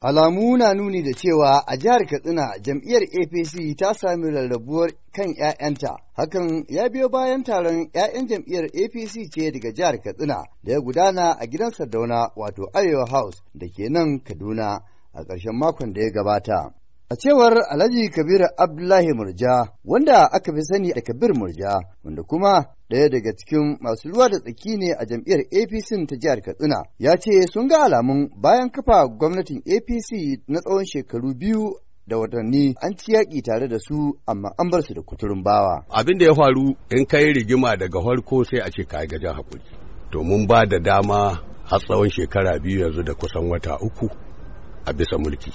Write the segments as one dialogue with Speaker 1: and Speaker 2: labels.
Speaker 1: Alamu na nuni da cewa a jihar Katsina jam'iyyar APC ta sami rarrabuwar kan 'ya'yanta. Hakan ya biyo bayan taron 'ya'yan jam'iyyar APC ce daga jihar Katsina da ya gudana a gidan Sardauna wato Arewa House da ke nan Kaduna a ƙarshen makon da ya gabata. A cewar Alhaji Kabir Abdullahi Murja, wanda aka fi sani da Kabir Murja, wanda kuma ɗaya daga cikin masu ruwa da tsaki ne a jam'iyyar APC ta jihar Katsina, ya ce sun ga alamun bayan kafa gwamnatin APC na tsawon shekaru biyu da watanni an ci yaƙi tare da su amma an bar su da kuturin bawa.
Speaker 2: Abin da ya faru in kai rigima daga farko sai a ce ka gajen hakuri. To mun ba da dama har tsawon shekara biyu yanzu da kusan wata uku a bisa mulki.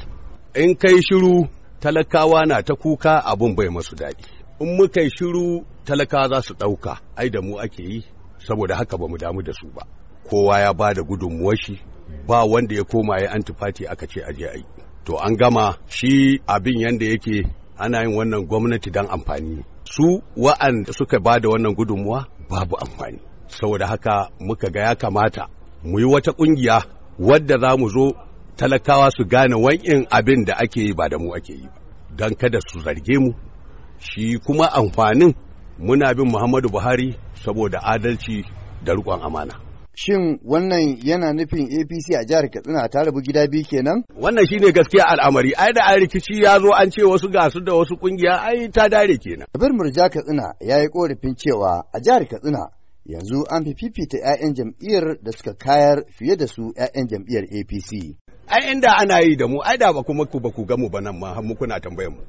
Speaker 2: in kai shiru talakawa na ta kuka abin bai masu daɗi in muka yi shiru talakawa za su ɗauka ai da mu ake yi saboda haka ba mu damu da su ba kowa ya ba da gudunmuwar shi ba wanda ya koma ya antifati aka ce aje ai to an gama shi abin yanda yake ana yin wannan gwamnati don amfani su wa'anda suka ba da wannan gudunmuwa babu amfani saboda haka muka ga ya kamata mu yi wata ƙungiya wadda za mu zo talakawa su gane wan'in abin da ake yi ba da mu ake yi don kada su zarge mu shi kuma amfanin muna bin muhammadu buhari saboda adalci da riƙon amana
Speaker 1: shin wannan yana nufin apc a jihar katsina ta rabu gida biyu kenan wannan
Speaker 2: shine gaskiya al'amari ai da rikici ya zo an ce wasu gasu da wasu kungiya ai ta dare kenan
Speaker 1: abir murja katsina ya yi korafin cewa a jihar katsina yanzu an fi fifita 'ya'yan jam'iyyar da suka kayar fiye da su 'ya'yan jam'iyyar apc
Speaker 2: ai inda ana yi da mu ai da ba kuma ba ku gamu ba nan ma har mu kuna tambayar mu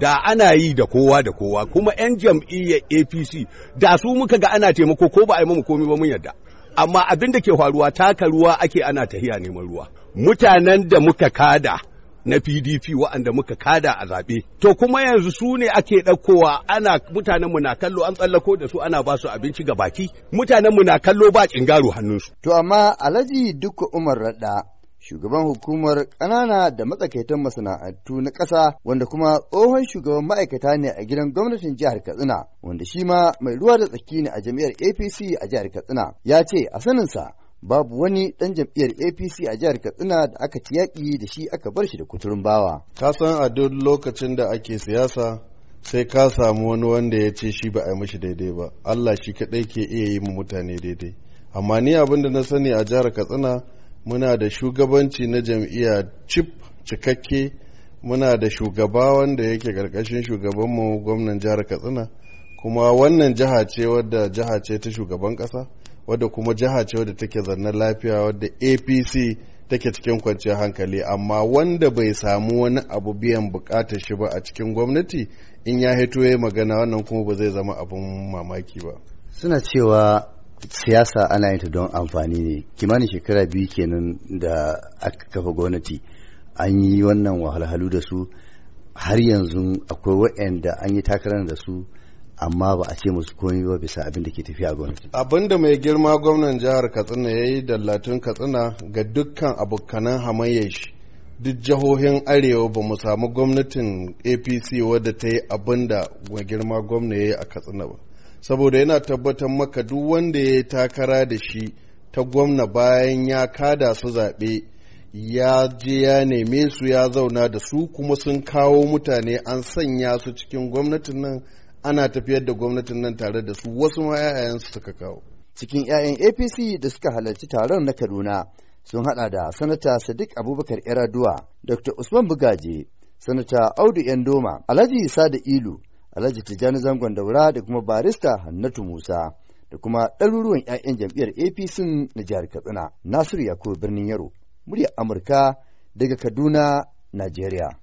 Speaker 2: da ana yi da kowa da kowa kuma 'yan jam'iyyar apc da su muka ga ana taimako ko ba a yi mamu komi ba mun yarda amma abin da ke faruwa taka ruwa ake ana tahiya neman ruwa mutanen da muka kada na PDP waɗanda muka kada a zaɓe. To kuma yanzu su ne ake ɗaukowa ana mutanen mu na kallo an tsallako da su ana ba su abinci ga baki mutanen mu na kallo ba cingaro hannunsu.
Speaker 1: To amma Alhaji Dukka Umar Radda shugaban hukumar ƙanana da matsakaitan masana'antu na ƙasa wanda kuma tsohon shugaban ma'aikata ne a gidan gwamnatin jihar Katsina wanda shi ma mai ruwa da tsaki ne a jami'ar APC a jihar Katsina ya ce a saninsa babu wani ɗan jam'iyyar apc a jihar katsina da aka ci yaƙi da shi aka bar shi da kuturin bawa ka san a duk lokacin da ake siyasa sai ka
Speaker 3: samu wani wanda ya ce shi ba a yi mashi daidai ba allah shi kaɗai ke iya yi mutane daidai amma ni abin da na sani a jihar katsina muna da shugabanci na jam'iyya cip cikakke muna da shugaba wanda yake ƙarƙashin shugabanmu gwamnan jihar katsina kuma wannan jiha ce wadda jiha ce ta shugaban ƙasa wadda kuma jiha ce wadda take zannan lafiya wadda apc take cikin kwanciyar hankali amma wanda bai samu wani abu biyan bukatar shi ba a cikin gwamnati in ya hito ya magana wannan kuma ba zai zama abin mamaki ba
Speaker 1: suna cewa siyasa ana yin ta don amfani ne kimanin shekara biyu kenan da aka kafa gwamnati an yi wannan wahalhalu da su har yanzu akwai waɗanda an yi takarar da su amma ba a ce musu komai ba bisa abin da ke tafiya gwamnati.
Speaker 3: Abin da mai girma gwamnan jihar Katsina ya yi dallatin Katsina ga dukkan abokanan hamayyar shi duk jihohin arewa ba mu samu gwamnatin APC wadda ta yi abin da mai girma gwamna ya yi a Katsina ba. Saboda yana tabbatar maka duk wanda ya yi takara da shi ta gwamna bayan ya kada su zaɓe ya je ya neme su ya zauna da su kuma sun kawo mutane an sanya su cikin gwamnatin nan
Speaker 1: ana tafiyar da gwamnatin nan tare da su wasu ma 'ya'yansu suka kawo cikin 'ya'yan apc da suka halarci taron na kaduna sun hada da sanata sadiq abubakar yaraduwa dr usman bugaje sanata audu yandoma alhaji Isa da ilu alhaji tijjani zangon daura da kuma barista hannatu musa da kuma ɗaruruwan 'ya'yan jam'iyyar apc na jihar katsina nasiru yakubu birnin yaro muryar amurka daga kaduna najeriya